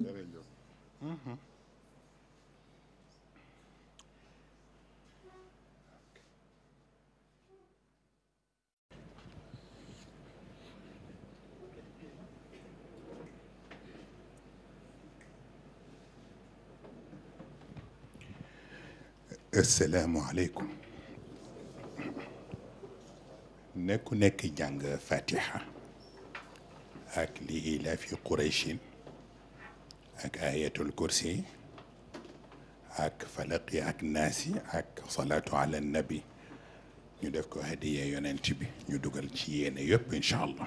Meglio. Mm-hmm. assalaamu aleykum nekku nekk jàng fatiha ak li ilaa fi qurayshin هك آية الكرسي هك فلقي هك ناسي هك صلاة على النبي ندفكو هدية يونان تبي ندوغل تيين يب إن شاء الله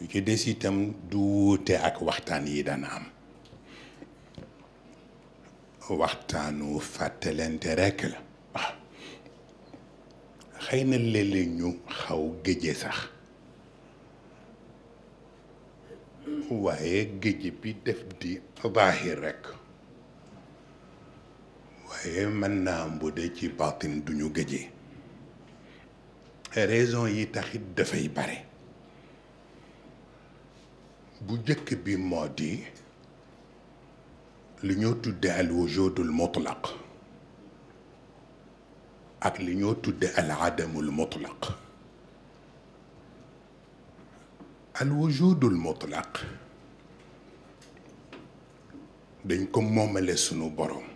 bi ci des itam du wuute ak waxtaan yi dana am waxtaanu fàttalente rekk la ah. xëy na léeg ñu xaw géje sax waaye géje bi def di baaxi rekk waaye mën naa am bu ci baatin duñu géje raison yi taxit dafay bare bu njëkk bi moo di li ñoo tudde al wujudul mutlaq ak li ñoo tudde al adamul mutlaq al wujudul mutlaq dañ ko moomale sunu borom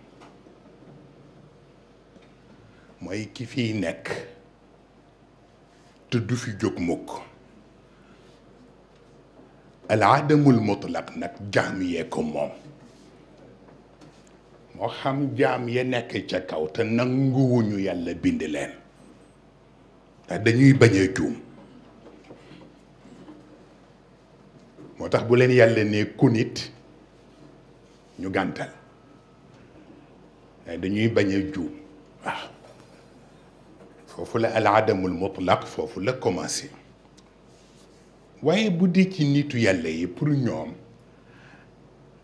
mooy ki fiy nekk te du fi jóg mukk العدم المطلق نك جاميكم موم مو خام جامي نك تا كاو تا نانغو ونيو يالا بيند لين تا دانيوي باغي جوم موتاخ بولين يالا كونيت ني غانتال دانيوي باغي جوم آه. فوفو العدم المطلق فوفو لا waye bu dee ci nitu yàlla yi pour ñom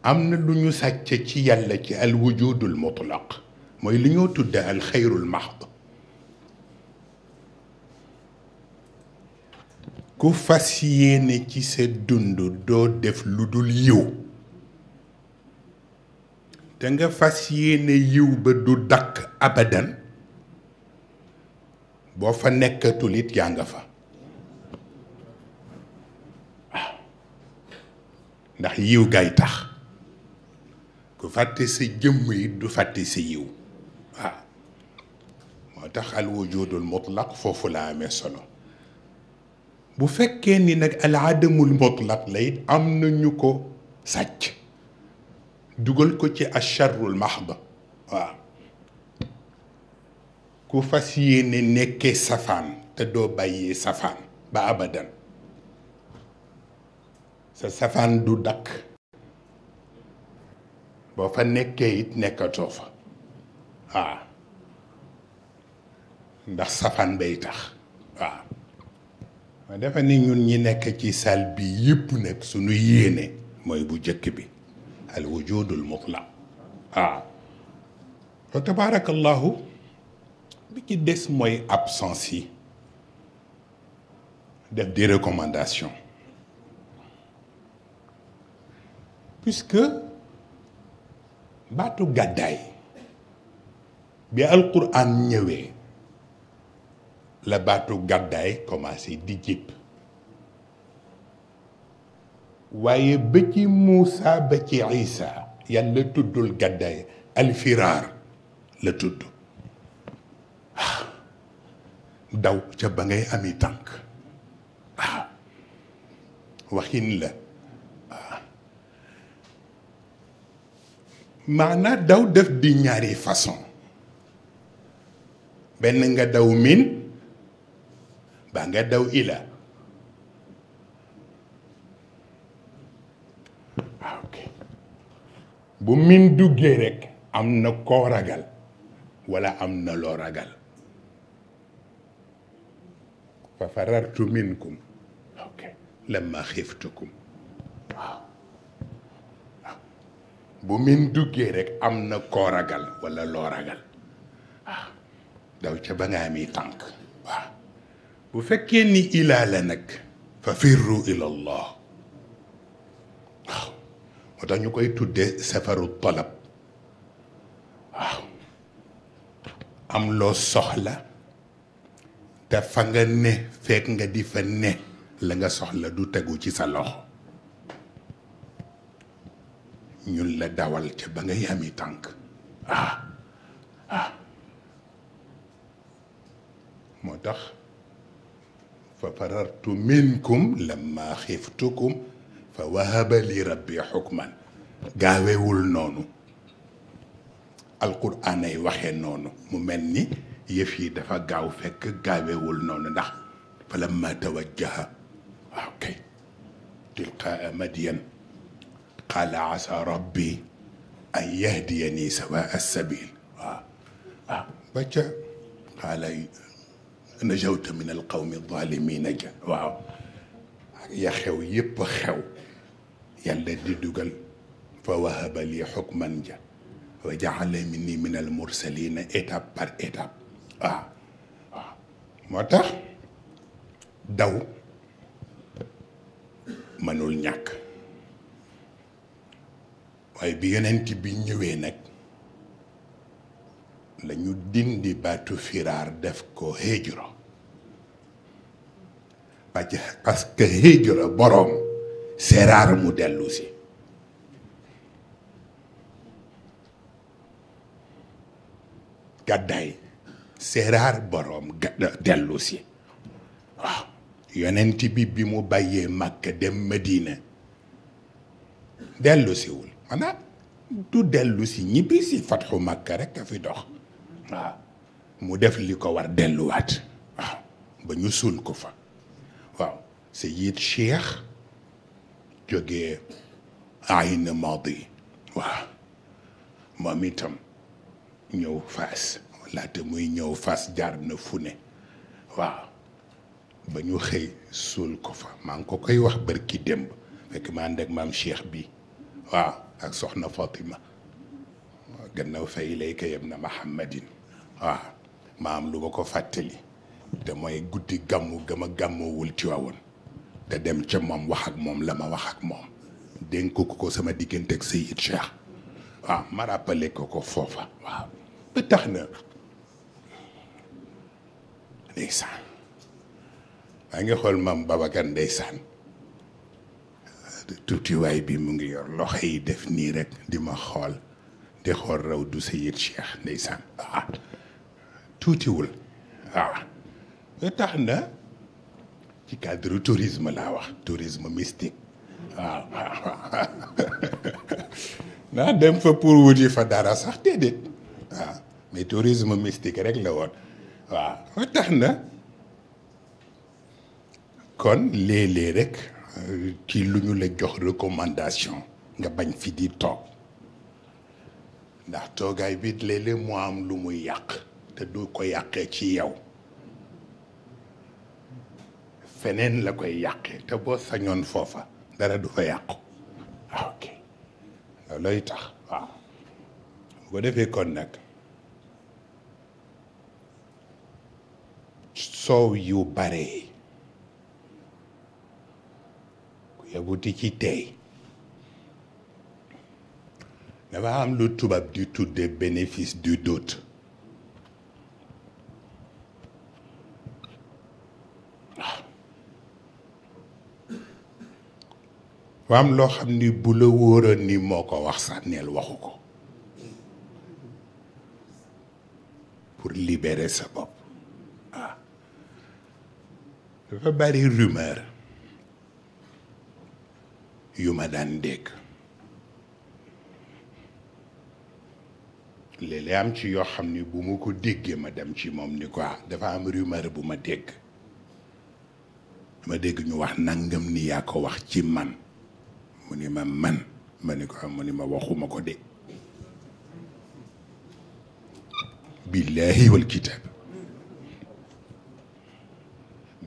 amna na lu sàcc ci yàlla ci al wujudul mutlaq moy li ñoo tudde al khairul mahd ku fasiyene ci sa dund do def ludul dul yiw te nga fasiyene yéene yiw ba du dak abadan bo fa nekatulit ya nga fa ndax yiw gaay tax ku fàtte sa jëmm yi du fàtte sa yiw waaw moo tax al wujudul mutlaq foofu la amee solo bu fekkee ni nag al adamul mutlaq la am na ñu ko sàcc dugal ko ci acharul mahd waaw ku fas yéene nekkee safaan te doo bàyyee safaan ba abadan sa safaan du dakk boo fa nekkee it nekkatoo fa waaw ndax safaan bay tax waaw ma defe ni ñun ñi nekk ci salle bi yëpp nag suñu yéene mooy bu jëkk bi al wujudul mutlaq waaw fa tabaarakallahu bi ci des mooy absence yi def des recommandations puisque baatu gàddaay bi alquran ñëwee la baatu gàddaay commencé di jib waaye ba ci Muusa ba ci Isa yàlla tuddul gàddaay alfiraar le tudd ah, daw ca ba ngay ami tank ah, waxin la maanaa daw def di ñaari façon benn nga daw min ba nga daw ila ah, bu min duggee rek am na koo ragal wala am na loo ragal fa farartu minkum ok lamma xiftukum bu min duggee rekk am na koo ragal wala loo ragal ah. daw ca ba nga ami tànk waaw bu fekkee ni ilaa nag fa firru ila allah waaw moo tax ñu koy tuddee safaru talab waaw am loo soxla te fa nga ne fekk nga di fa ne la nga soxla du tegu ci sa loxo ñun la dawal ca ba nga yami tànk ah ah motax fa farartu minkum lamma khiftukum fa wahaba li rabbi xukman gaawewul nonu alquran ay waxe nonu mu melni yëf yi dafa gaaw fekk gaawewul nonu ndax fa lamma tawajjaha waaw kay tilqaa madiyan قال عسى ربي أن يهديني سواء السبيل آه. آه. بجا قال نجوت من القوم الظالمين جا واو يا خيو يب خيو يلا دي فوهب لي حكما جا وجعل مني من المرسلين ايتاب بار ايتاب آه. آه. moo منول نياك waaye bi yonent bi ñëwee nag lañu dindi baatu firaar def ko hijra parce que hijra boroom c'est rare mu dellu gàddaay c'est boroom dellu waaw yonent bi bi mu bàyyee Makka dem Medina dellu siwul أنا دلو سي نيبي سي فتح مكة أنا في دوخ مو ديف ليكو وار أنا وات با ني سول كو فا أنا سييت شيخ جوغي عين ماضي واو أنا نيو فاس لا تموي نيو فاس جار نفوني واو با ني خي سول كو فا مانكو كاي واخ بركي ديمب فك ما مام شيخ بي واو سحنا فاطمة gannaaw fay layka yem na mahammadin waaw maam lu ma ko fàttali te mooy guddi gàmmu gama gàmmoowul ci waawoon te dem ca moom wax ak moom la ma wax ak moom dénk ko ko sama diggante ak Seyid Cheikh waaw ma rappelé ko ko foofa waaw ba tax na ndeysaan maa ngi xool maam Babacar ndeysaan tuutiwaay bi mu ngi yor loxo yi def nii rek di ma xool di xool raw du sayid cheikh ndeysaan ah tuutiwul waaw tax na ci cadre tourisme laa wax tourisme mystique waaw waaw naa dem fa pour wuti fa dara sax déedéet waaw mais tourisme mystique rek la woon waaw tax na kon léeg-léeg rek ci lu ñu la jox recommandation nga bañ fi di toog ndax toogaay bi léeg-léeg moo am lu muy yàq te du ko yàqee ci yow feneen la koy yàqee te boo sañoon foofa dara du fa yàqu ah, ok loolooy tax waaw bu ko defee kon nag soow yu bare Y'a yabuti ci tey dafa am lu tubaab di tudde bénéfice du doute waaw am loo xam bu la wóoroon ni moo ko wax sax neel waxu ko pour libérer sa bopp waaw ah. dafa bari rumeur yu ma daan dégg léeg am ci yoo xam ni bu ma ko déggee ma dem ci moom ni quoi dafa am rumeur bu ma dégg ma dégg ñu wax nangam ni yaa ko wax ci man mu ni ma man ma ni ko mu ni ma waxuma ko de billaahi wal kitaab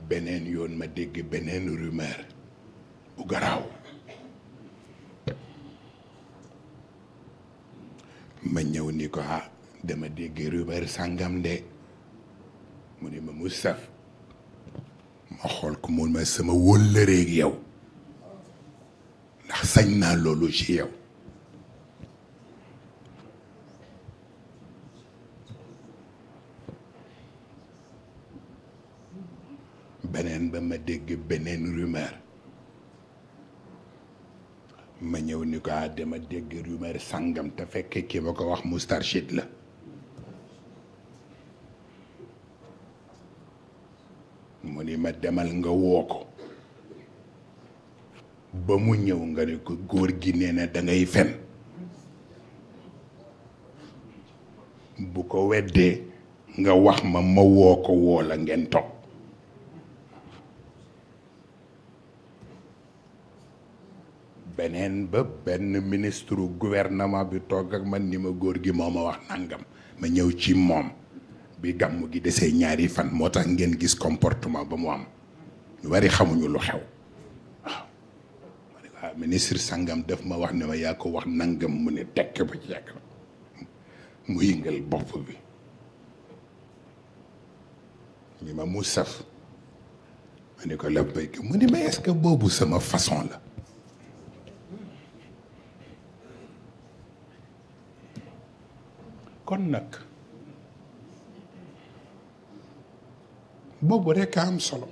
beneen yoon ma dégg beneen rumeur bu garaaw ma ñëw ni ko ah dama dégg rumeur sàngam de mu ni ma Moustapha ma xool ko mun ma sama wëllëreeg yow ndax sañ naa loolu ci yow beneen ba ma dégg beneen rumeur ma ñëw ni ko ah, dama dégg rumeur sàngam te fekk ki ba ko wax Moustarchid la mu ni ma demal nga woo ko ba mu ñëw nga ni ko góor gi nee na da fen bu ko weddee nga wax ma ma woo ko woo la ngeen toog beneen ba benn ministre gouvernement bi toog ak man ni ma góor gi moo ma wax nangam ma ñëw ci moom bi gàmm gi desee ñaari fan moo tax ngeen gis comportement ba mu am ñu bari xamuñu lu xew waaw waaw ah, ministre ma wax ne ma yaa wax nangam mu ne tekk ba ci yàgg mu yëngal bopp bi ni ma mu saf ma ne ko la béykat mu ni ma est-ce que boobu sama façon la kon nag boobu rekk am solo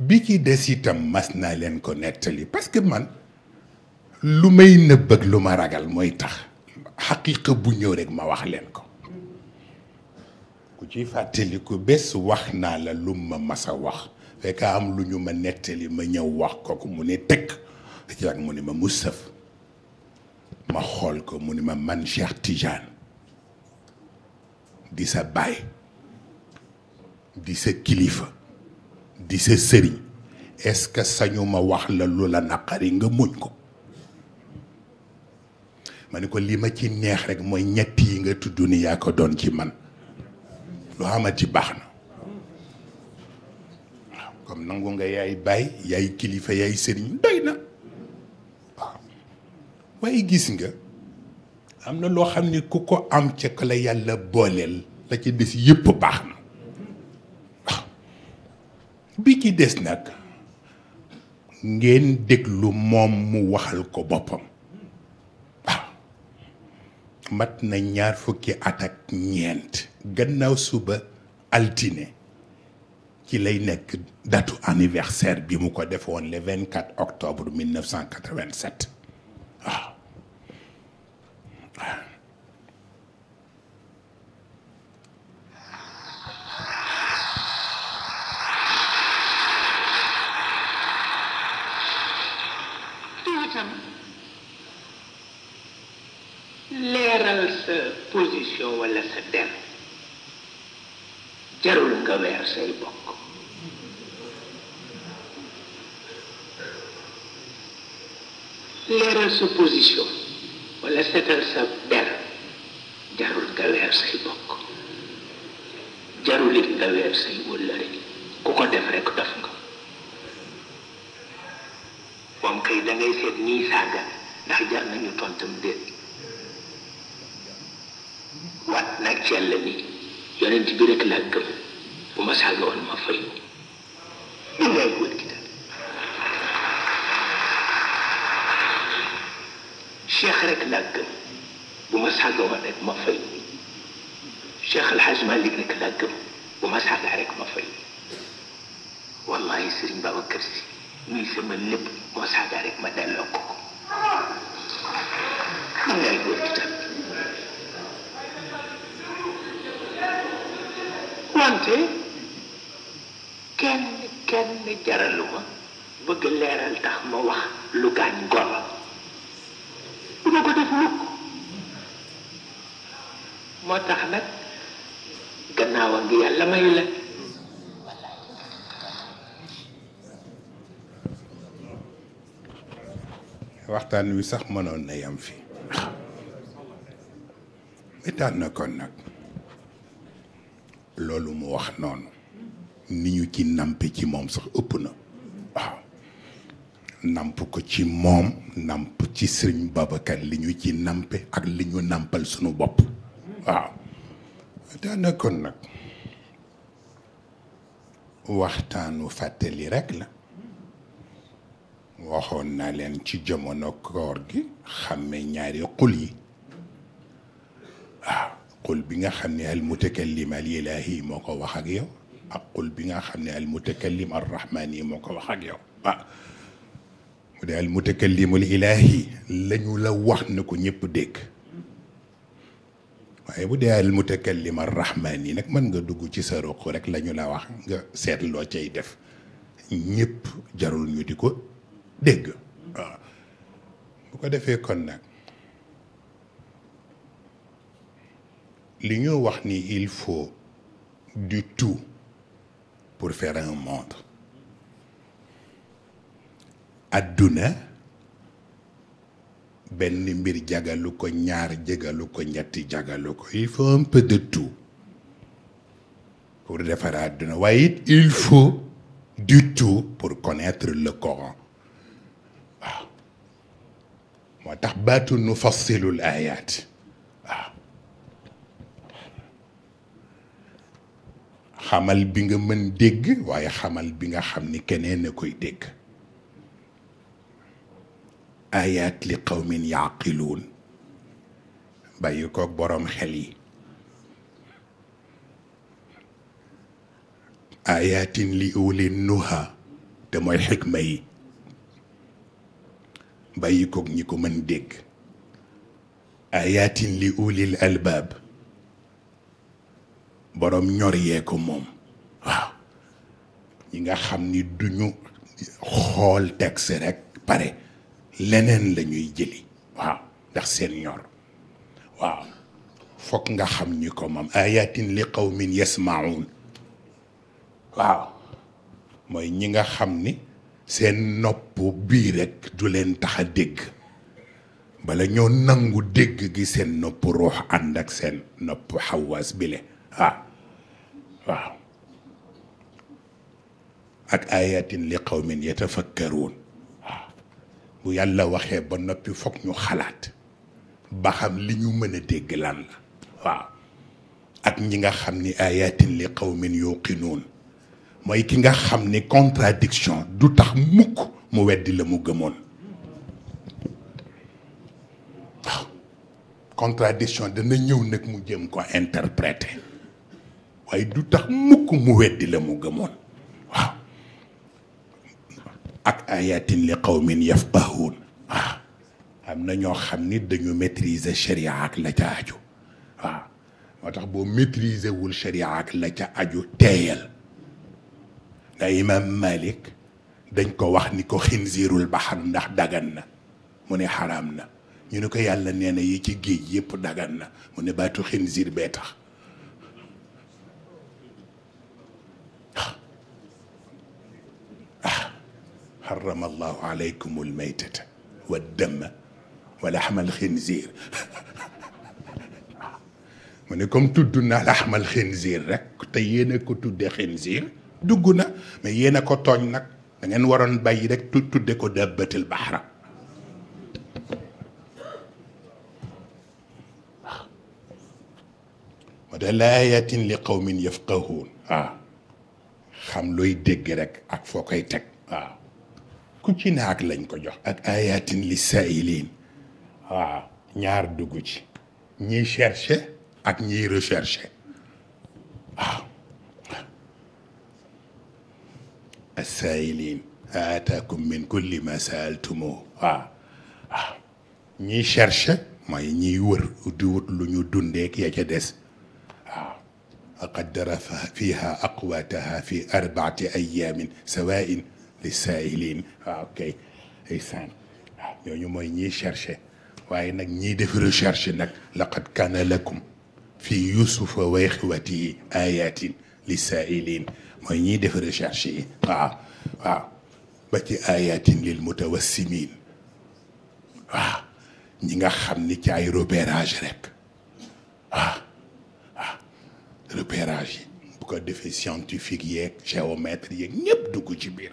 bi ci des itam mas naa leen ko nettali parce que man lu may nëbb lu ma ragal mooy tax xaqiqa bu ñëw rekk ma wax leen ko ku ci fàttaliku bés wax naa la lu ma mas wax fekk am lu ñu ma nettali ma ñëw wax ko ko mu ne tëkk ak mu ne ma mu sëf ma xool ko mu ni ma man Cheikh Tidiane di sa baay di sa kilifa di sa sëriñ est-ce que sañu wax la lu la naqari nga muñ ko ma ni ko li ma ci neex rek mooy ñett yi nga tudd ni yaa ko doon ci man lu xamati baax na waaw comme nangu nga yaay baay yaay kilifa yaay sëriñ doy na waaye gis nga am na loo xam ne ku ko am ca ko la yàlla booleel la ca des yëpp baax na ah. bi ci des nag ngeen déglu moom mu waxal ko boppam waaw ah. mat na ñaar fukki at ak ñeent gannaaw suba altine ci lay nekk datu anniversaire bi mu ko defoon le 24 octobre 1987 position wala sa dem jarul nga weer say bopp position wala setal sa der jarul nga weer say bokk jarul it nga sa say wëllëre ku ko def rek daf nga Wam kay da ngay set ni saga, ndax jar ñu tontam de. wat nak cial yàlla ni yonent bi rek la gëm bu ma saaga ma fayu رك لاقم ومسحق وعليك مفي الشيخ الحاج مالك لك لاقم ومسحق عليك مفي والله يسرين بابا كرسي ويسمى اللب ومسحق عليك مدى لوكوكو من القلت وانت كان كان جرى لما بقى الليرة لتخمى وح لقان قرر du ma ko def mukk moo tax nag gannaaw a ngi yàlla mayu la waxtaan wi sax mënoon na yam fi état na kon nag loolu mu wax noonu ni ñu ci nampe ci moom sax ëpp na namp ko ci mom namp ci serigne babakar liñu ci nampe ak liñu nampal sunu bop waaw da na kon nak waxtanu fateli rek la waxon na len ci jamono koor gi xamé ñaari qul yi ah qul bi nga xamné al mutakallim al ilahi moko wax ak yow ak qul bi nga xamné al mutakallim ar rahmani moko wax ak yow waaw mu de al mutakalimul ilaahi lañu la wax na ko ñepp dégg waaye bu dee al mutakallim ar rahmaan yi nag mën nga dugg ci sa ruq rek lañu la wax nga seet loo cay def ñëpp jarul ñu di ko dégg waaw bu ko defee kon nag li ñu wax ni il faut du tout pour faire un monde aduna Ben mbir jagaluko ñaar jagalu ñatti jagaluko il faut un peu de tout pour defar aduna waaye il faut du tout pour connaître le Coran waaw moo tax baatu nu fassilul ayat Hamal xamal bi nga mën dégg waaye xamal bi nga xam keneen koy dégg aayaat li qawmin yaqiluun bàyyi koog boroom xel yi aayaatin li uli nuha te mooy xikma yi bàyyi koog ñi ko mën dégg aayaatin li ulil albaab boroom ñor yee ko moom waaw ñi nga xam ni duñu xool texte rekk pare leneen lañuy ñuy jëli waaw ndax seen ñor waaw foog nga xam ñi ko moom ayatin li qawmin yasmaun waaw mooy ñi nga xam ni seen nopp bii rek du leen tax a dégg bala ñoo nangu dégg gi seen nopp ruux ànd ak seen nopp xawaas bile waaw ah. waaw ak ayatin li qawmin yatafakkaruun bu yàlla waxee ba noppi foog ñu xalaat ba xam li ñu mën a dégg lan la waaw ak ñi nga xam ni ayatin li qawmin yuqinuun mooy ki nga xam ni contradiction du tax mukk mu weddi la mu gëmoon waaw contradiction dana ñëw nag mu jëm ko interpréter waaye du tax mukk mu weddi la mu gëmoon ak ayatin li qawmin yafqahuun waaw am na ñoo xam ni dañu maîtriser sharia ak la ca aju waaw moo tax boo maîtriser wul sharia ak la ca aju teeyal nga imam malik dañ ko wax ni ko xinziirul baxar ndax dagan na mu ne xaraam na ñu ne ko yàlla nee na yi ci géej yépp dagan na mu ne baatu xinziir bee tax حرم الله عليكم الميتة والدم ولحم الخنزير منكم تدنا لحم الخنزير رك تيينا كو تد خنزير دغنا ما يينا كو توغ نك دا نين ورون باي رك تد كو دبت البحر ودل آيات لقوم يفقهون ها آه. خم لوي دغ رك اك فوكاي تك ku ci naag lañ ko jox ak ayatin li sailin waaw ñaar dugg ci ñiy cherché ak ñiy recherché waaw assailin aataakum min kulli ma saaltumo waaw waaw ñiy cherché mooy ñiy wër di wut lu ñu dundeek ya ca des waaw aqaddara fiha aqwataha fi arbaati ayamin sawain للسائلين waaw kay ndeysaan waaw ñooñu mooy ñiy cherché waaye nag ñiy def recherche nag laqad kaana lakum fii yusufa wa ixwatihi ayatin lisaailin mooy ñiy def recherche yi waaw waaw ba ci ayatin lil mutawassimin waaw ñi nga xam ni ci ay repérage rek waaw waaw repérage yi bu ko defee scientifique yeeg géomètre yeeg ñëpp dugg ci biir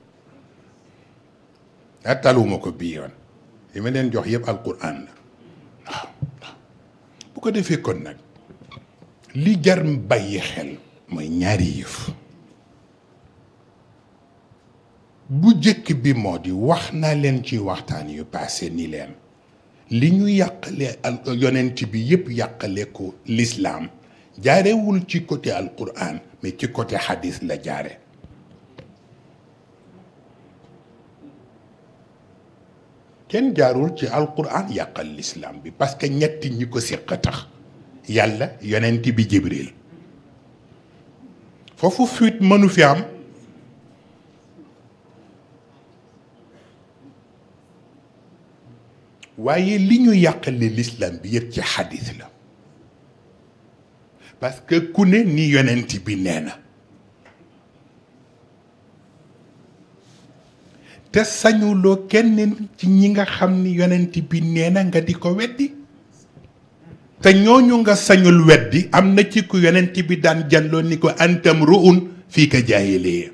a taluma ko bii yoon li ma leen jox yëpp alquran la waaw bu ko defee kon nag li jar bàyyi xel mooy ñaari yëf bu jëkk bi moo di wax naa leen ci waxtaan yu passé ni leen li ñu yàqale al yonent bi yëpp yàqale ko lislaam jaarewul ci côté alquran mais ci côté xadis la jaare كن جارول تي القران يقل الاسلام بي باسكو نيت ني كو سيقتخ يالا يوننتي بي جبريل فوفو فويت منو في ام واي لي نيو يقل الاسلام بي يتي حديث لا باسكو كوني ني يوننتي بي نينا te sañuloo kenn ci ñi nga xam ni yonent bi nee na nga di ko weddi te ñooñu nga sañul weddi am na ci ku yonent bi daan jàlloo ni ko antam ru'un fii ka jaahiliya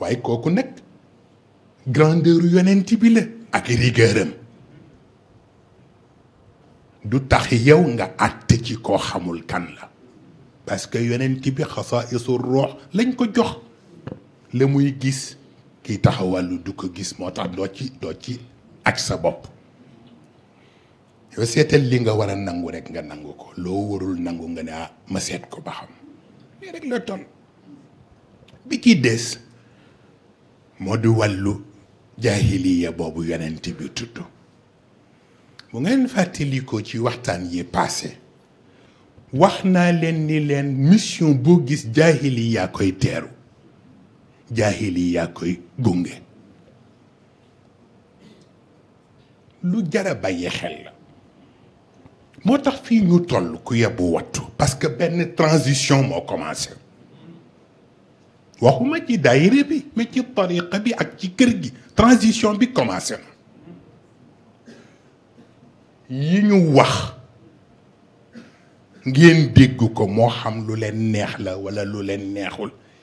waaye kooku nag grandeur yonent bi la ak rigueuram du tax yow nga àtte ci koo xamul kan la parce que yonent bi xasaa'isu ruux lañ ko jox la muy gis kiy taxawàllu du ko gis moo tax doo ci doo ci sa bopp yow seetal li nga war a nangu rek nga nangu ko loo warul nangu nga ne ah ma seet ko ba xam lii rek la toll bi ci des moo di wàllu jaahiliya boobu yonent bi tudd bu ngeen fàttali ko ci waxtaan yi passé wax naa leen ni leen mission boo gis jaahiliya koy teeru jaahili yaa koy gunge lu jara bàyyi xel la moo ñu toll ku yebbu wattu parce que ben transition mo commencé waxuma ci daire bi mais ci tariqa bi ak ci kër gi transition bi commencé yi ñu wax ngeen dégg ko moo xam lu leen neex la wala lu leen neexul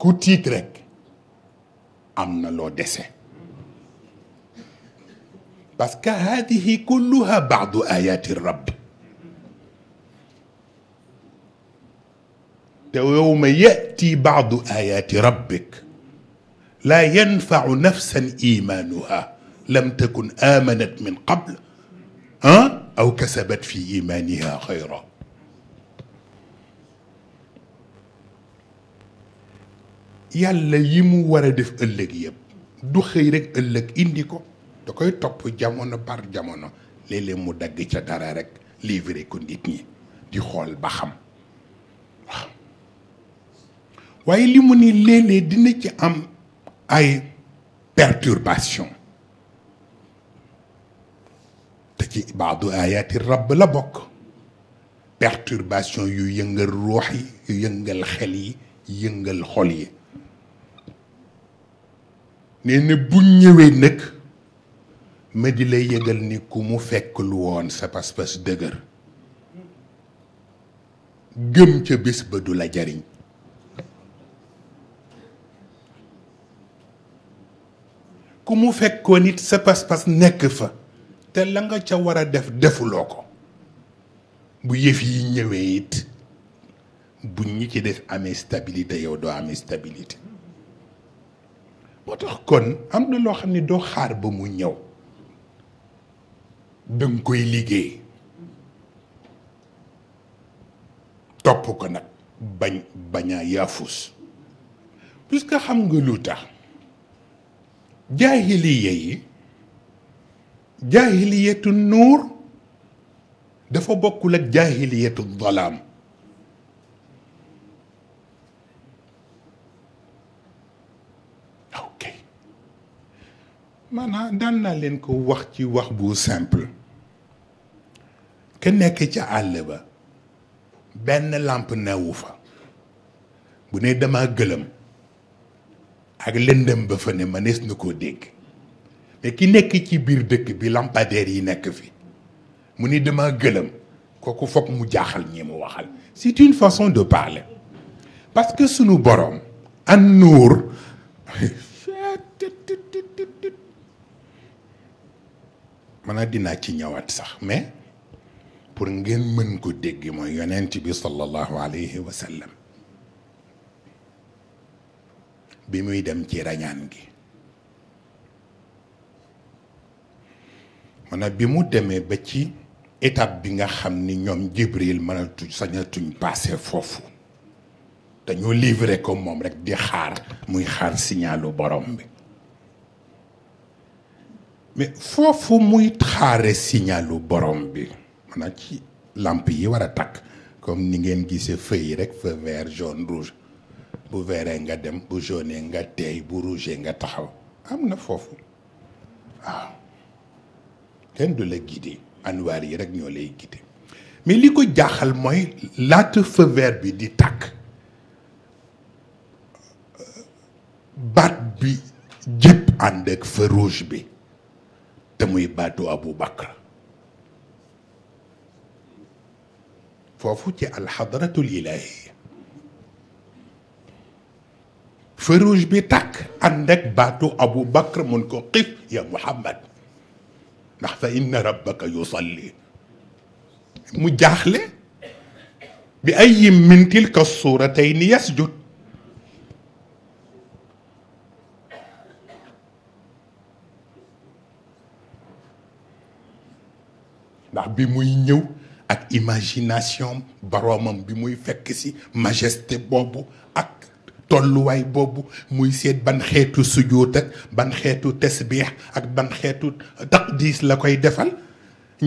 ku tiit rek am na loo dese parce que hadihi kulluha baadu ayati rabb te yowma yati baadu ayati rabbik لا ينفع نفسا ايمانها لم تكن امنت من قبل أه؟ او كسبت في ايمانها خيرا yàlla yi mu war a def ëllëg yëpp du xëy rek ëllëg indi ko da koy topp jamono par jamono léeg mu dagg ca dara rekk livré ko nit ñi di xool ba xam waaye li mu ni léeg dina ci am ay perturbation te ci baadu ayaati rabb la bokk perturbation yu yëngal ruux yi yëngal xel yi yëngal xol yi nee na bu ñëwee nag ma di lay yëgal ni ku mu fekk lu woon sa pas-pas dëgër gëm ca bés ba du la jariñ ku mu fekkoon it sa pas-pas nekk fa te la nga ca war a def defuloo ko bu yëf yi ñëwee it bu ñu ci def amee stabilité yow doo amee stabilité boo tax kon am na loo xam ne doo xaar ba mu ñëw danga koy liggéey topp ko nag bañ bañaa yaafus que xam nga lu tax jaahiliya yi jaahiliyatu nuur dafa bokkul ak jaahiliyatu dalaam maanaam daan naa leen ko wax ci wax bu simple ka nekk ca àll ba benn làmp newu fa bu ne dama gëlëm ak lëndëm ba fa ne mënees na koo dégg te ki nekk ci biir dëkk bi lampadaire yi nekk fi mu ni dama gëlëm kooku foog mu jaaxal ñi mu waxal c'est une façon de parler parce que sunu boroom an nuur man a dinaa ci ñëwaat sax mais pour ngeen mën ko dégg mooy yonent bi sallallahu alayhi wa sallam bi muy dem ci rañaan gi man a bi mu demee ba ci étape bi nga xam ni ñoom Jibril mënatuñ sañatuñ passé foofu dañoo livré ko moom rek di xaar muy xaar signalu borom bi mais foofu muy xaare signalu borom bi maanaam ci lamp yi war a takk comme ni ngeen gisee feu yi rek feu vert jaune rouge bu vertee nga dem bu jaune nga teey bu rouge nga taxaw am na foofu waaw kenn du la guidé anwaar yi rek ñoo lay guidé mais li ko jaaxal mooy laata feu vert bi di takk baat bi jëpp ànd ak feu rouge bi تموي بادو أبو بكر ففوتي الحضرة الإلهية فروج بتاك عندك بادو أبو بكر منكو قف يا محمد نحف إن ربك يصلي مجاخلة بأي من تلك الصورتين يسجد ndax bi muy ñëw ak imagination boroomam bi muy fekk ci majesté boobu ak tolluwaay boobu muy seet ban xeetu sujuut ak ban xeetu tesbiix ak ban xeetu taqdis la koy defal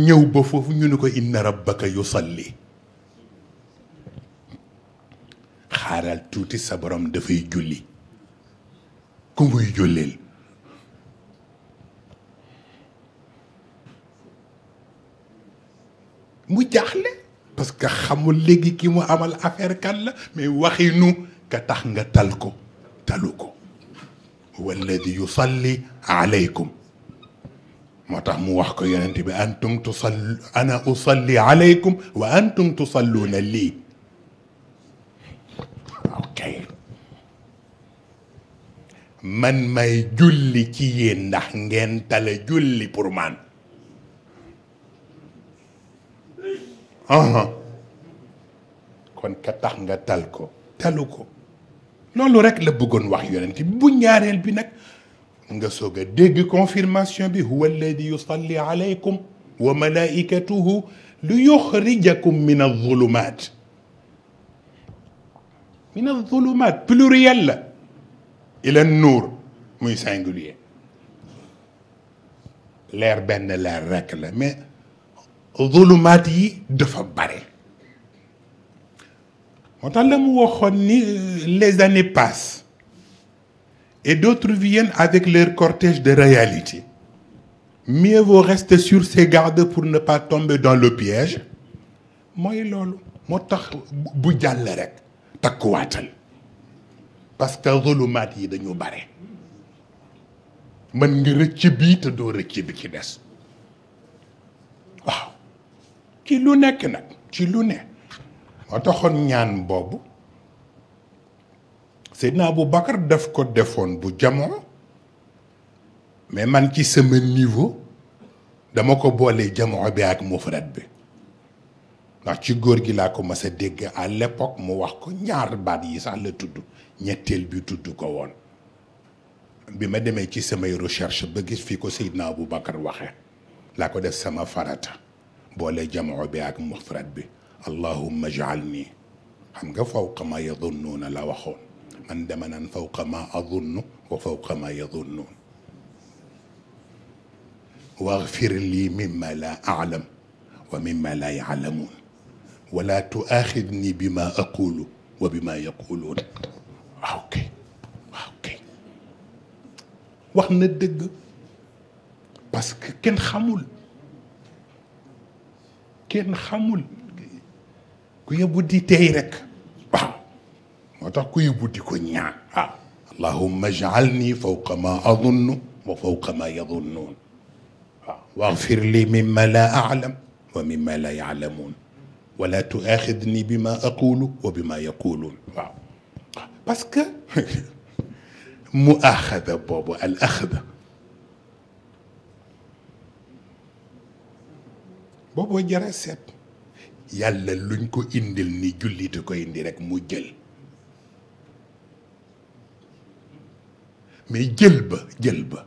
ñëw ba foofu ñu ni ko inna rabbaka li xaaral tuuti sa borom dafay julli ku muy julleel mu jaaxle parce que xamul léegi ki mu amal affaire kan la mais waxinu ka tax nga tal ko talu ko yusalli alaykum moo tax mu wax ko yonent bi antum tusallu ana usalli alaykum wa antum tusalluuna lii okay man may julli ci yéen ndax ngeen tala julli pour man kon ka tax nga tal ko talu ko loolu rek la bëggoon wax yonent bi bu ñaareel bi nag nga soog a dégg confirmation bi huwa alladi yusalli alaykum wa malaikatuhu li yuxrijakum min alzulumat min alzulumat pluriel la ila nuur muy singulier leer benn leer rek la mais Euh, les années passent et d'autres viennent avec leur cortège de réalité mieux vaut rester sur ses gardes pour ne pas tomber dans le piège là, je suis bu rek parce que zulumaat mati dañu nga te ci lu nekk nag ci lu ne moo taxoon ñaan boobu Seydina Abou bakkar daf ko defoon bu jamono mais man ci sama niveau dama ko boolee jamono bi ak mufrad bi ndax ci góor gi laa ko mas a dégg à l'époque mu wax ko ñaar baat yi sax la tudd ñetteel bi tudd ko woon bi ma demee ci samay recherche ba gis fi ko Seydina Abou bakkar waxee laa ko def sama farata بولي جمع بياك مفرد بي اللهم اجعلني حمق فوق ما يظنون لا وخون من دمنا فوق ما أظن وفوق ما يظنون واغفر لي مما لا أعلم ومما لا يعلمون ولا تؤاخذني بما أقول وبما يقولون أوكي أوكي وحن الدق بس كن خمول kenn xamul ku yóbbu di tey rek waaw moo tax ku yóbbu di ko ñaan waaw allahumma ij'alni fawqa ma adunnu wa fawqa ma yadunnun waaw waghfir li mimma la a'lam wa mimma la ya'lamun ولا تؤاخذني بما أقول وبما يقولون واو باسكو مؤاخذة بابا الأخذة bobo jara seet yàlla luñ ko indil ni julliti ko indi rek mu jël mi jël ba jël ba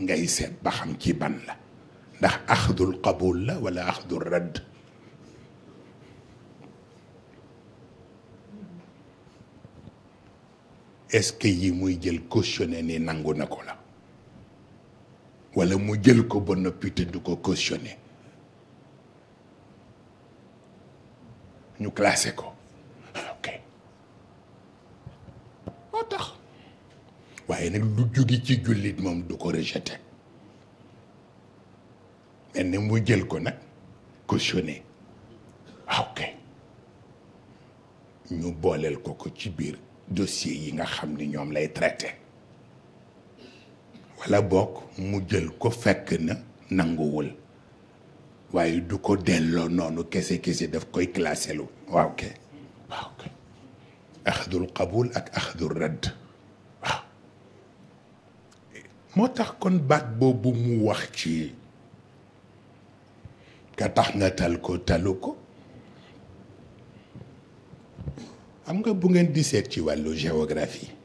ngay seet ba xam ci ban la ndax akhdul qabul la wala axdul rad est-ce yi muy jël cautionné ni nangou nako la wala mu jël ko bonne noppi du ko cautionné ñu classé ko ok moo tax waaye nag lu jóge ci jullit moom du ko rejeté mais ne mu jël ko nag cautionné ah, ok ñu booleel ko ko ci biir dossier yi nga xam ni ñoom lay traité wala bokk mu jël ko fekk na nanguwul waye du ko delloo nonu kesse kesse daf koy classer classelu waaw kay waaw akhdhu al qabul ak axdul radd waaw moo kon bat bobu mu wax ci ka tax nga tal ko talu am nga bu ngeen di set ci walu géographie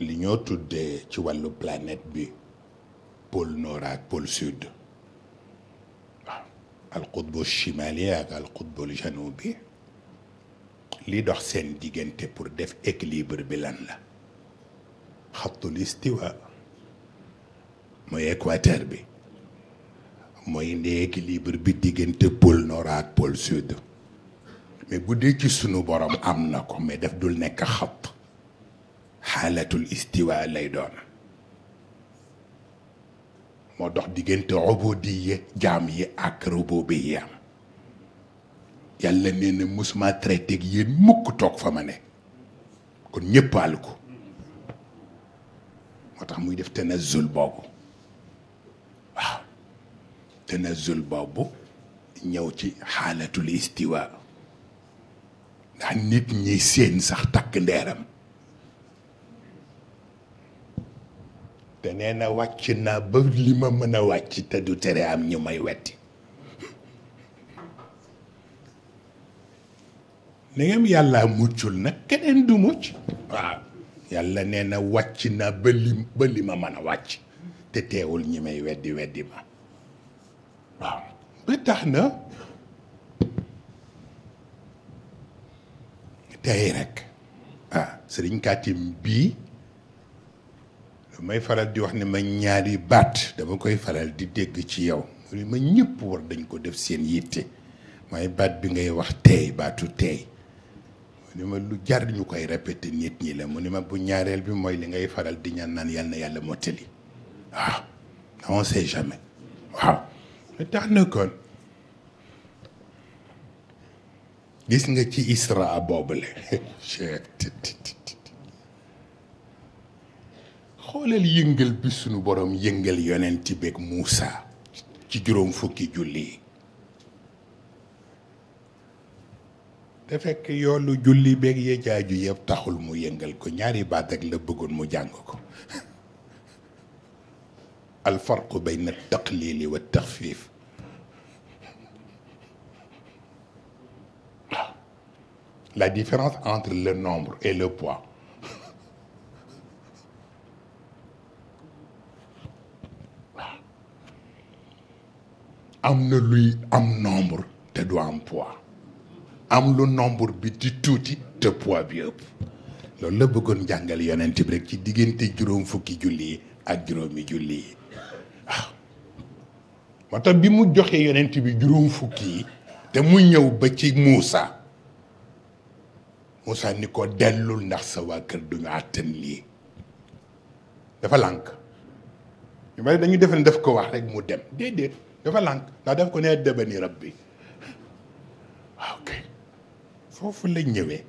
li ñoo tuddee ci wàllu planète bi pôle nord ak pôle sud waaw alqutbu chimali ak alqutbu janubi li dox seen diggante pour def équilibre bi lan la xatul istiwa mooy équateur bi mooy ne équilibre bi diggante pôle nord ak pôle sud mais bu dee ci sunu borom am na ko mais daf dul nekk xat حالة الاستواء لاي دون مو دوخ ديغنت عبوديه جامي اك ربوبيه يالا نين موسما تريتيك يين موك توك فما ني كون نيبالكو موتاخ موي ديف تنزل بوبو واو تنزل بوبو نيو تي حالة الاستواء نيت ني سين صاح تاك نديرام te nee na wàcc ba li ma mën a wàcc te du tere am ñu may wetti ndegam yàlla muccul nag keneen du mucc waaw yàlla nee na wàcc naa ba li ma mën a wàcc te teewul ñi may weddi weddi ma waaw ba tax na tey rek ah sëriñ Katim bii may faral di wax ne ma ñaari baat dama koy faral di dégg ci yow mu ne ma ñëpp war dañ ko def seen yitte mooy baat bi ngay wax teey baatu teey mu ne ma lu jar ñu koy répété nit ñi la mu ne ma bu ñaareel bi mooy li ngay faral di ñaan naan yàlla yàlla mottali waaw ah, on sait jamais waaw tax na kon gis nga ci ISRA boobule xoolal yëngal bi sunu borom yëngal yonent beeg Moussa ci juróom fukki julli te fekk yoolu julli beeg yee jaaju yëpp taxul mu yëngal ko ñaari baat ak la bëggoon mu jàng ko al farqu bayna taqlili wa taxfif la différence entre le nombre et le poids am na luy am nombre te du am poids am lu nombre bi di tuuti te poids bi ëpp loolu la bëggoon jàngal yonent bi rek ci diggante juróom fukki julli yi ak juróomi julli yi ah. waaw moo tax bi mu joxee yonent bi juróom fukki yi te mu ñëw ba ci Moussa Moussa ni ko dellul ndax sa waa kër duñu àttan lii dafa lànk ñu bari dañu defe ne daf ko wax rek mu dem déedéet defal lànk ndax daf ko nee dëbani rabbi waaw kay foofu la ñëwee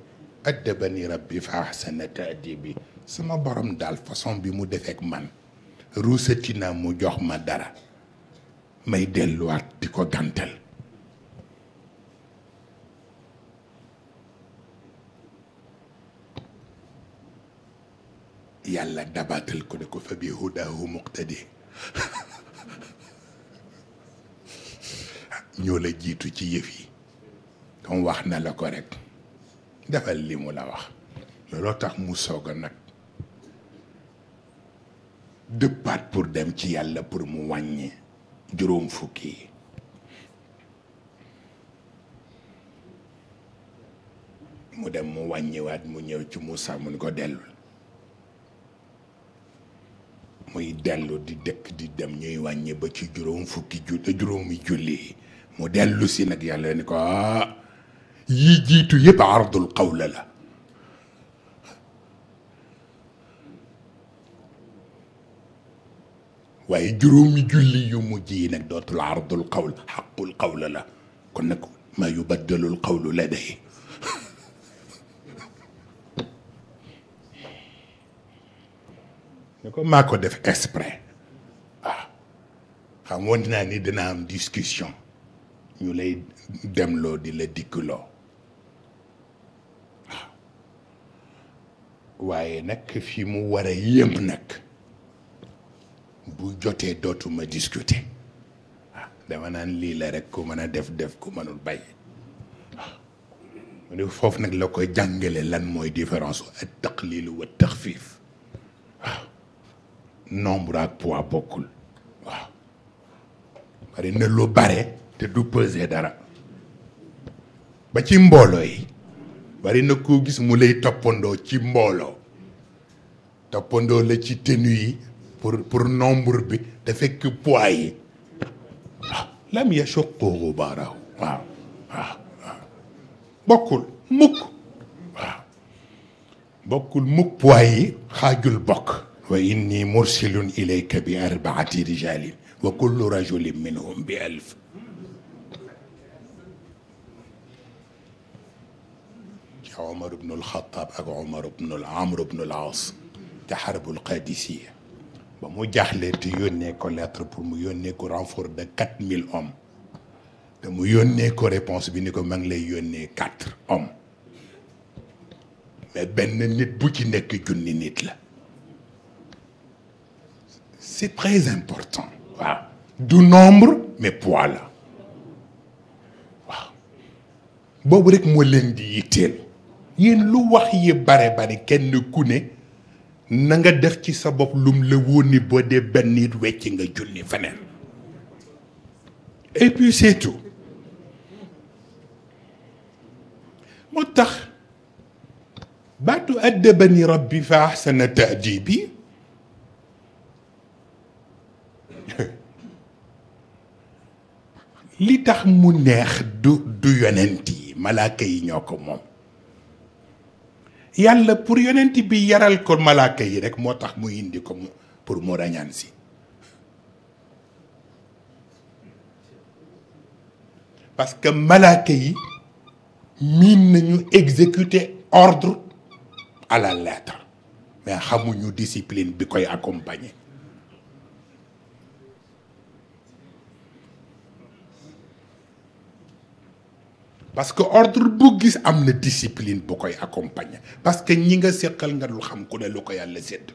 addabani rabbi fa ahsana taadibi sama borom daal façon bi mu defeek man ruusati naa mu jox ma dara may delluwaat di ko gàntal yàlla dabaatal ko ne ko fa bi hudahu muqtadi ñoo la jiitu ci yëf yi comme wax na la ko rek defal li mu la wax looloo tax mu soog a nag dëppaat pour dem ci yàlla pour mu wàññi juróom fukki yi mu dem mu wàññiwaat mu ñëw ci Moussa mun ko dellul muy dellu di dëkk di dem ñuy wàññi ba ci juróom fukki juróomi julli mu dellu si nag yàlla ni ko ah yii jiitu yëpp ardul qawla la waaye juróomi julli yu mujj yi nag dootul ardul qawl xaqul qawla la kon nag ma yubaddalul qawlu la day ne ko maa ko def exprès ah xam woon naa ni dina am discussion ñu lay demloo di la dikkloo waaw waaye nag fi mu war a yëm nag bu jotee dootuma discuter waaw dama naan lii la rek ku mën a def def ku mënul bàyyi waaw foofu nag la koy jàngale lan mooy différence u ak taqlilu wa taxfiif waaw nombre ak poids bokkul waaw bari na lu bare te du peser dara ba ci mbooloo yi bari na koo gis mu lay toppandoo ci mbooloo toppandoo la ci tenu yi pour pour nombre bi te fekk poids yi ah, lam yashuqu ghubaarahu waaw bokkul mukk waaw bokkul mukk poids yi xaajul bokk wa inni mursilun ilayka bi arbaati rijalin wa kullu rajulin minhum bi alf عمر بن الخطاب اك عمر بن عمرو بن العاص تحاربوا القادسيه با مو جاخلي تي يوني كو لتر بور مو يوني كو رانفور د 4000 اوم تا مو يوني كو ريبونس بي نيكو ماغ لي يوني 4 اوم مي بن نيت بو تي نيك جوني نيت لا سي تريز امبورطون واو دو نومبر مي بوالا بوبو ريك مو لين دي يتيل yéen lu wax yi bare bare kenn ku ne nanga def ci sa bopp lum la wóor ni boo dee benn nit wecc nga julli feneen et puis moo tax baatu addabani rabbi fa ahsana taadibi li tax mu neex du du yonent yi malaaka yi ñoo ko moom yàlla pour yonent bi yaral ko malaaka yi rek moo tax mu indi ko pour mu rañaan si parce que malaaka yi miin nañu exécuter ordre à la lettre mais xamuñu discipline bi koy accompagner parce que ordre bu gis amna discipline bu koy accompagner parce que ñi nga seqal nga lu xam ku ne lu ko yalla sédd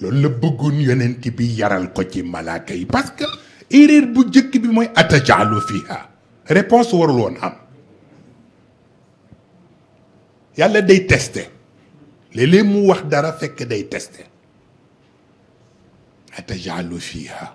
loolu la bëggoon yonent bi yaral ko ci malaaka yi parce que erreur bu jëkk bi mooy atajaalu fiha réponse warul woon am yàlla day testé léeg-léeg mu wax dara fekk day testé atajaalu fiha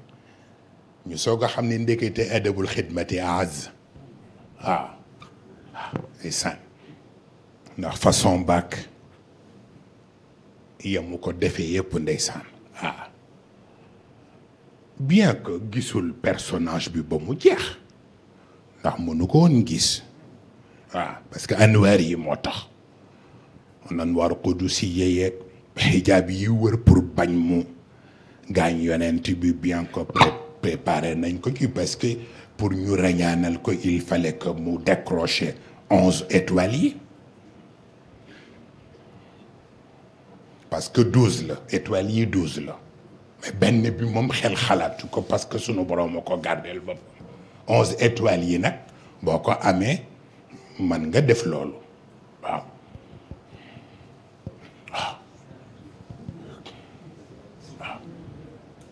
ñu soog a xam ne ndekete adabul xidmati aaz waaw ay san ndax façon baak yamu ko defee yëpp ndeysaan bien que gisul personnage bi ba mu jeex ndax mënu ko woon gis waaw parce que anwaar yi moo tax anwaar qudusi yeeg xijaab yi wër pour bañ mu gaañ yonent bi bien que peut préparé parce que pour ñu il fallait que nous décrocher 11 étoiles parce que 12 étoiliers étoiles 12. douze mais ben ne moom xel parce que sunu borom a garder étoiles pour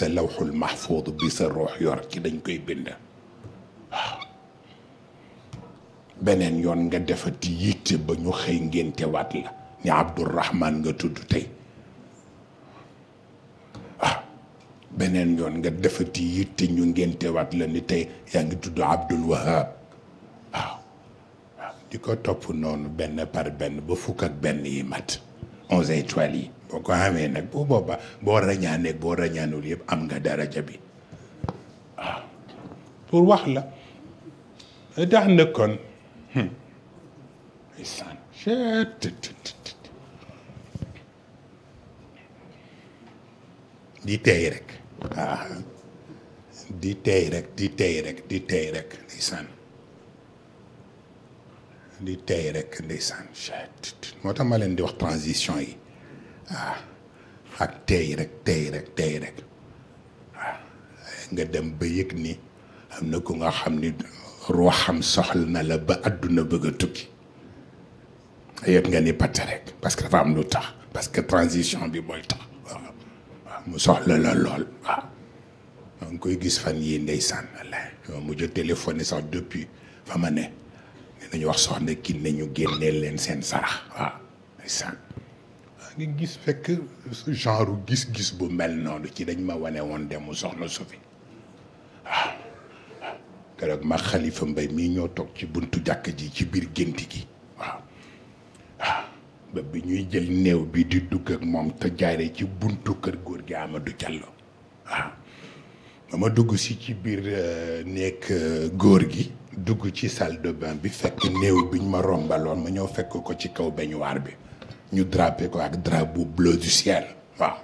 sa lawxul mahfuud bi sa ruux yor ci dañ koy bind waaw beneen yoon nga defati yitte ba ñu xëy ngénte waat la ni Abdourahman nga tudd tey waaw beneen yoon nga defati yitte ñu ngénte waat la ni tey yaa ngi tudd Abdul Wahab waaw waaw di ko topp noonu benn par benn ba fukk ak benn yi mat onze étoiles yi boo ko amee nag bu boobaa boo rañaaneeg boo rañaanul yëpp am nga daraja bi waaw ah. pour wax la tax na kon saan di tey rek waaw ah. di tey rek di tey rek di tey rek ndeysaan di tey rek ndeysaan moo tax ma leen di wax transition yi waaw ah. ak teey rek teey rek teey rek ah. nga dem ba yëg ni am na ku nga xam ni ruuxam soxla na la ba àdduna bëgg a tukki yëpp nga ni patt rek parce que dafa am lu tax parce que transition bi mooy tax waaw mu soxla la lool waaw maa ngi koy gis fan yii ndeysaan la yow mujj téléphoné sax depuis fa ma ne ne nañu wax soxna kii nañu génneel leen seen sarax waaw li gis fekk genre gis-gis bu mel noonu ci dañ ma wane woon demu soxna su fi waaw keroog ma xalifa mbay mii ñoo toog ci buntu jàkk ji ci biir gént gi waaw waaw ah. ba bi ñuy jël néew bi di dugg ak moom te jaare ci buntu kër góor gi Amadou Diallo waaw ah. ba ma dugg si ci biir euh, néeg euh, góor gi dugg ci salle de bi fekk néew biñ ma rombaloon ma ñëw fekk ko ci kaw baignoire bi ñu drapé ko ak drapeau bleu du ciel waaw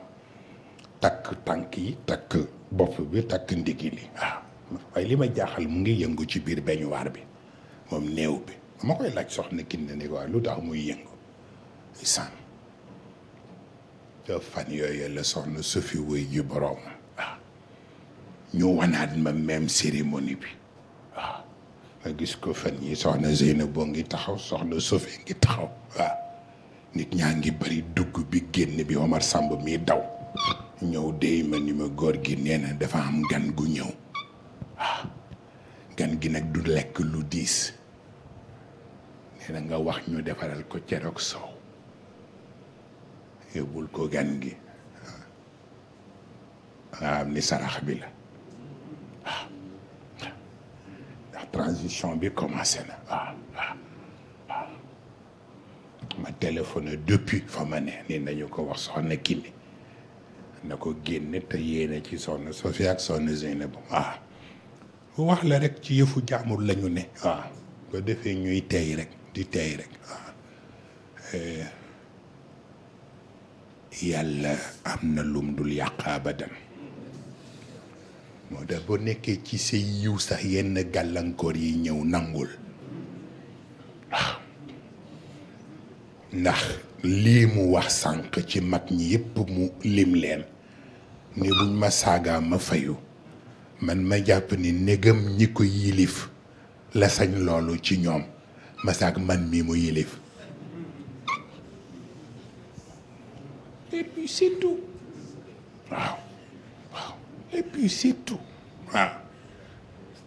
takk tànk yi takk bopp bi takk ndigi li waaw ah, waaye li ma jaaxal mu ngi yëngu ci biir beñuwaar bi moom néew bi ma koy laaj soxna Kiné ne waaw lu tax muy yëngu isan te fan yooyu la soxna Sophie wuy ji borom waaw ah. ñu wanaat ma même cérémonie bi waaw ah. ma gis ko fan yi soxna Zeyna ngi taxaw soxna Sophie ngi taxaw nit ñangi bari dugg bi génn bi Omar Samb mi daw ñew dey ma ni ma gor gi nee dafa am gan gu ñew ah gan gi nak du lek lu dis nee nga wax ñu defaral ko rok so yebul ko gan gi ah, am ni sarax bi la ah, transition bi commencé na ah, téléphone téléphoné depuis fa ma ne ni nañu ko wax soxna Kine na ko génne te yéene ci soxna Sophie ak soxna Zeynab waaw ah, wax la rekk ci yëfu jaamur lañu ne waaw ah, ba defee ñuy tey rekk di tey rek ah, eh, yàlla am na lum dul yàq abadan moo tax boo nekkee ci say yiw sax yenn gàllankoor yi ñëw nangul ndax lii mu wax sànq ci mag ñi yépp mu lim leen ni buñ ma saaga ma fayu man ma jàpp ni négam ñi ko yilif la sañ loolu ci ñoom ma saag man mii mu yilif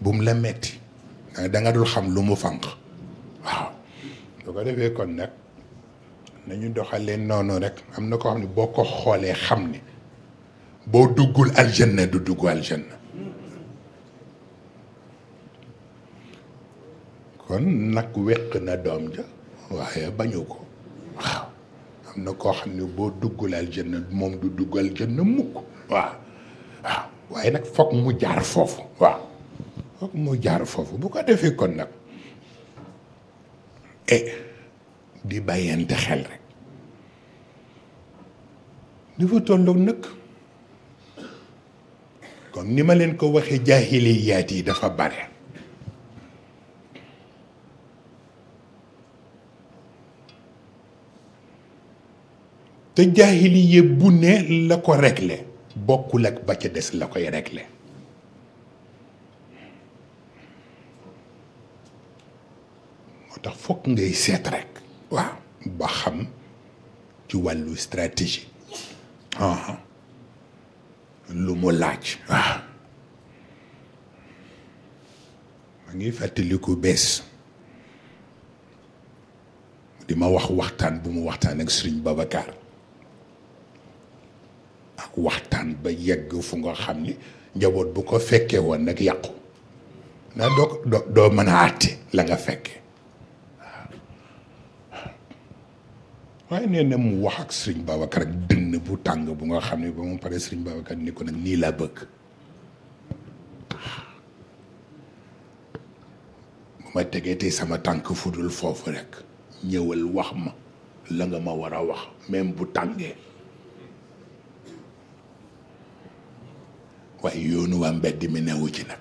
bu mu la metti da nga dul xam lu mu fank waaw bu ko defee kon nag nañu doxalee noonu rek am na ko xam ne boo ko xoolee xam ni boo duggul aljanna du dugg aljanna kon nag weq na doom ja waaye bañu ko waaw am na koo xam ne boo duggul aljanna moom du dugg aljanna mukk waaw waaw waaye nag foog mu jaar foofu waaw foog mu jaar foofu bu ko defee kon nag e di bàyyante xel rek di fa tolloog nag comme ni ma leen ko waxee jaahiliyaat dafa bare te jaahiliya bu ne la ko réglé bokkul ak ba ca des la koy réglé tax fokk ngay seet rek waaw ba xam ci wàllu stratégie ah, lu mu laaj waaw ah. ma ngi fàttaliku bees di ma wax waxtaan bu mu waxtaan ak sëriñ Babacar ak waxtaan ba yegg fu nga xam ni njaboot bu ko fekkee woon nag yàqu na doo doo mën a àtte la nga fekkee waaye nee na mu wax ak sëriñ Babacar ak dënn bu tàng bu nga xam ne ba mu paree sëriñ Babacar ni ko nii laa bëgg bu ma tegee tey sama tànk fudul foofu rekk ñëwal wax ma la nga ma war a wax même bu tàngee waaye yoonu waa mbedd mi newu ci nag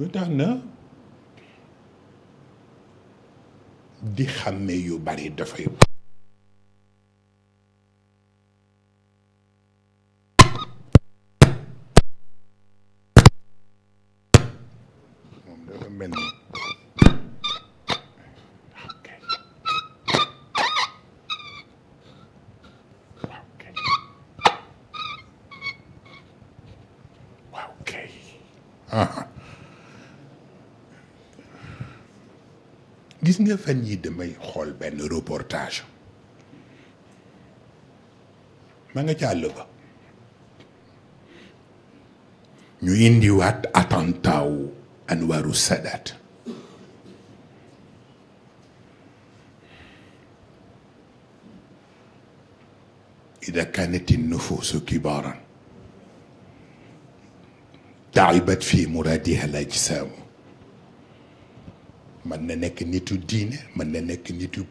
lu tax na di xàmme yu bari dafay nga fan yi demay xol ben reportage ma nga ci àll ba ñu wat attentat Anwaru Sadat إذا كانت النفوس كبارا تعبت في مرادها الأجسام mën na nekk nitu diine mën na nekk nitu